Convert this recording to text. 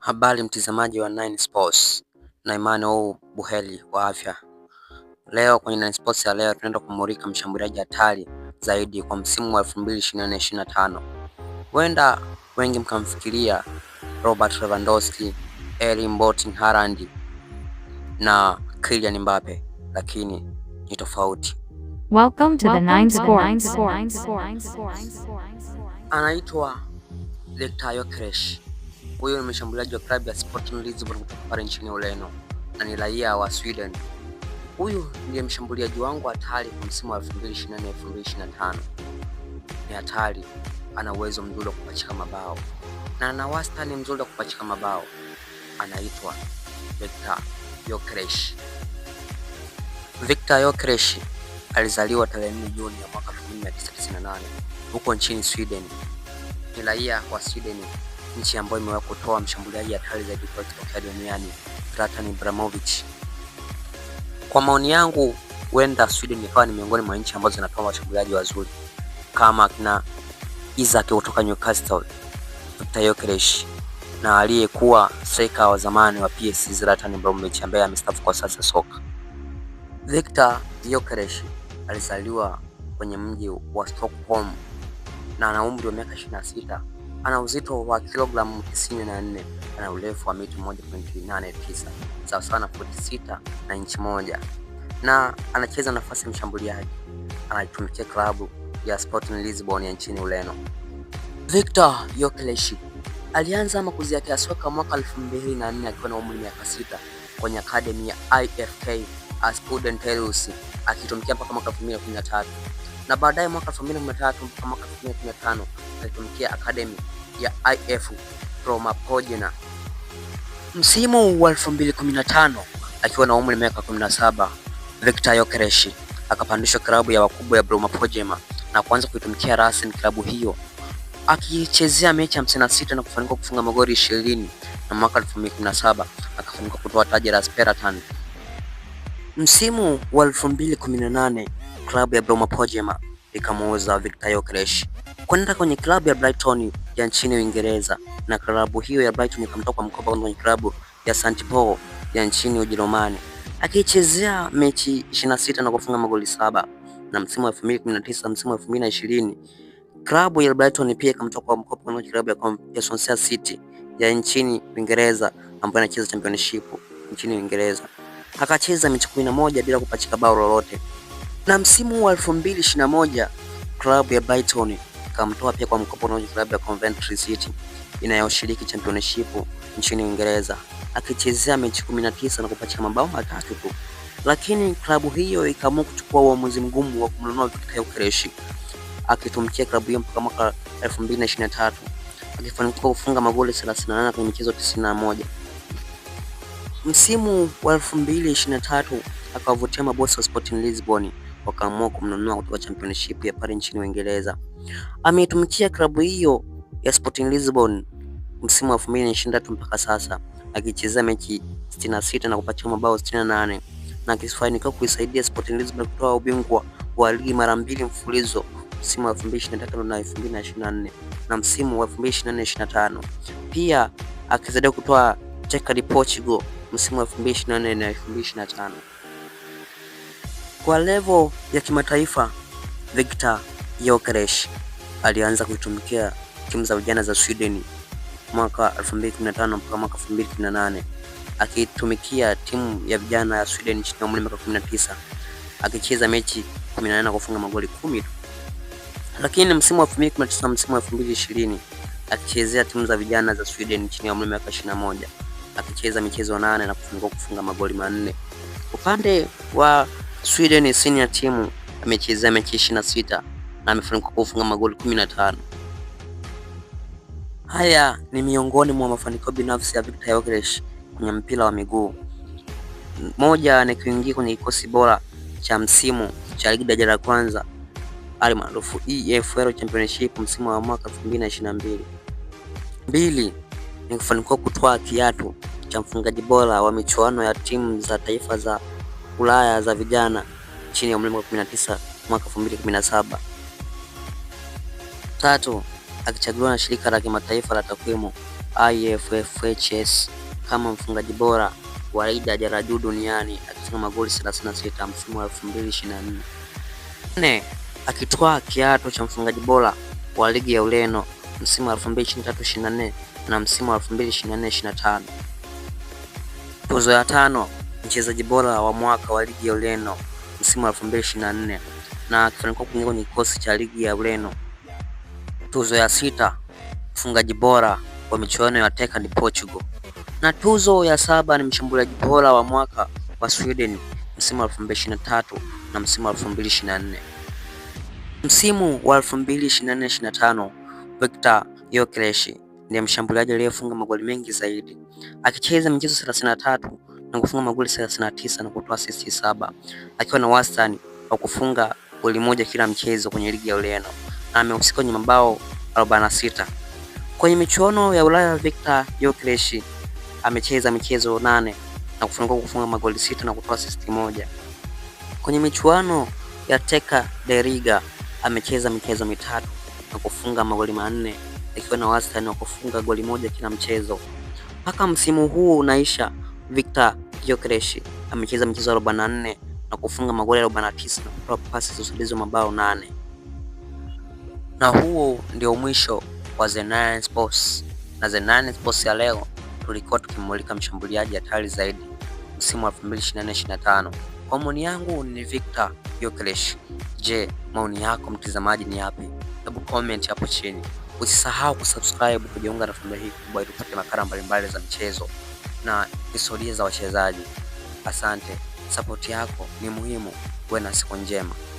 Habari mtazamaji wa Nine Sports na Emmanuel Buheli wa afya. Leo kwenye Nine Sports ya leo tunaenda kumulika mshambuliaji hatari zaidi kwa msimu wa 2024-2025. Huenda wengi mkamfikiria Robert Lewandowski, Erling Boting Haaland na Kylian Mbappe, lakini ni tofauti. Welcome to the Nine Sports. Anaitwa Dr. Yokeresh huyo ni mshambuliaji wa klabu ya Sporting Lisbon kutoka pale nchini Ureno na ni raia wa Sweden. Huyu ndiye mshambuliaji wangu hatari kwa msimu wa 2024 2025. Ni hatari, ana uwezo mzuri wa kupachika mabao na ana wastani mzuri wa kupachika mabao. Anaitwa Victor Gyokeres. Victor Gyokeres alizaliwa tarehe 4 Juni ya mwaka 1998 huko nchini Sweden. Ni raia wa Sweden nchi ambayo imewahi kutoa mshambuliaji hatari zaidi kwa kutokea duniani Zlatan Ibrahimovic. Kwa maoni yangu, huenda Sweden ikawa ni miongoni mwa nchi ambazo zinatoa washambuliaji wazuri kama kina Isak kutoka Newcastle, Viktor Gyökeres na aliyekuwa striker wa zamani wa PSG Zlatan Ibrahimovic ambaye amestaafu kwa sasa soka. Viktor Gyökeres alizaliwa kwenye mji wa Stockholm na ana umri wa miaka 26 ana uzito wa kilogramu 94, ana urefu wa mita 1.89 sawa sawa na futi 6 na inchi moja, na anacheza nafasi ya mshambuliaji. Anatumikia klabu ya Sporting Lisbon ya nchini Ureno. Victor Yokeleshi alianza makuzi yake ya soka mwaka 2004 akiwa na umri miaka sita kwenye akademi ya IFK Aspudentellus akitumikia mpaka mwaka 2013 na baadaye mwaka 2013 mpaka mwaka 2015 alitumikia akademi ya IF Roma Pojena. Msimu wa 2015 akiwa na umri wa miaka 17, Victor Yokeresh akapandishwa klabu ya wakubwa ya Roma Romapojena na kuanza kuitumikia rasmi klabu hiyo akichezea mechi 56 na kufanikiwa kufunga magoli 20 na mwaka 2017 akafanikiwa kutoa taji la Spartan. Msimu wa 2018 klabu ya Broma Pojema ikamuuza Victor Yokresh kwenda kwenye klabu ya Brighton ya nchini Uingereza, na klabu hiyo ya Brighton ikamtoa kwa mkopo kwenye klabu ya St. Paul ya nchini Ujerumani, akichezea mechi 26 na kufunga magoli saba. Na msimu wa 2019 msimu wa 2020 klabu ya Brighton pia ikamtoa kwa mkopo kwenye klabu ya Swansea City ya nchini Uingereza ambayo inacheza championship nchini Uingereza. Akacheza mechi 11 bila kupachika bao lolote. Na msimu wa 2021 klabu ya Brighton ikamtoa pia kwa mkopo na klabu ya Coventry City inayoshiriki championship nchini Uingereza, akichezea mechi 19 na kupata mabao matatu tu, lakini klabu hiyo ikaamua kuchukua uamuzi mgumu wa kumnunua Victor Gyökeres akitumikia klabu hiyo mpaka mwaka 2023 akifanikiwa kufunga magoli 38 kwenye michezo 91. Msimu wa 2023 akawavutia mabosi wa Sporting Lisbon wakaamua kumnunua kutoka championship ya pale nchini Uingereza. Ameitumikia klabu hiyo ya Sporting Lisbon msimu wa 2023 mpaka sasa akichezea mechi 66 na kupatia mabao 68 na akifanikiwa kuisaidia Sporting Lisbon kutoa ubingwa wa ligi mara mbili mfululizo msimu wa 2023 na 2024 na msimu wa 2024-2025. Pia akisaidia kutoa Cheka di Portugal msimu wa 2024 na 2025. Kwa levo ya kimataifa, Victor Gyökeres alianza kuitumikia timu za vijana za Sweden mwaka 2015 mpaka mwaka 2018, akitumikia timu ya vijana ya Sweden chini ya umri wa miaka 19, akicheza mechi 18 na kufunga magoli 10 tu. Lakini msimu wa 2019 na msimu wa 2020 akichezea timu za vijana za Sweden chini ya umri wa miaka 21, akicheza michezo nane na kufunga kufunga magoli manne. Upande wa Sweden ni senior team amechezea mechi 26 na amefanikiwa kufunga magoli 15. Haya ni miongoni mwa mafanikio binafsi ya Viktor Gyökeres kwenye mpira wa miguu. Moja ni kuingia kwenye kikosi bora cha msimu cha ligi daraja la kwanza almaarufu EFL Championship msimu wa mwaka 2022. Mbili ni kufanikiwa kutoa kiatu cha mfungaji bora wa michuano ya timu za taifa za Ulaya za vijana chini ya umri wa 19 mwaka 2017. Tatu, akichaguliwa na shirika la kimataifa la takwimu IFFHS kama mfungaji bora wa ligi ya daraja juu duniani akifunga magoli 36 msimu wa 2024. Nne, akitwaa kiatu cha mfungaji bora wa ligi ya Ureno msimu wa 2023-24 na msimu wa 2024-25. Tuzo ya tano mchezaji bora wa mwaka wa ligi ya Ureno msimu wa 2024 na akifanikiwa kuingia kwenye kikosi cha ligi ya Ureno. Tuzo ya sita, mfungaji bora wa michuano ya Teka ni Portugal, na tuzo ya saba ni mshambuliaji bora wa mwaka wa Sweden msimu wa 2023 na msimu wa 2024. Msimu wa 2024-2025 Viktor Gyökeres ndiye mshambuliaji aliyefunga magoli mengi zaidi akicheza michezo 33 na kufunga magoli 39 na kutoa assist saba akiwa na wastani wa kufunga goli moja kila mchezo kwenye ligi ya Ureno na amehusika kwenye mabao 46. Kwenye michuano ya Ulaya, Victor Gyokeres amecheza michezo nane na kufunga kufunga magoli sita na kutoa assist moja. Kwenye michuano ya Teka de Riga amecheza michezo mitatu na kufunga magoli manne akiwa na wastani wa kufunga goli moja kila mchezo. Mpaka msimu huu unaisha, Victor Gyokereshi amecheza michezo 44 na kufunga magoli 49 na kutoa pasi za usaidizi wa mabao 8. Na huo ndio mwisho wa The Nine Sports. Na The Nine Sports ya leo tulikuwa tukimulika mshambuliaji hatari zaidi msimu wa 2024-2025. Kwa maoni yangu ni Victor Gyokereshi. Je, maoni yako mtazamaji ni yapi? Hebu comment hapo chini. Usisahau kusubscribe kujiunga na familia hii kubwa ili kupata makala mbalimbali za michezo na historia za wachezaji. Asante, sapoti yako ni muhimu. Uwe na siku njema.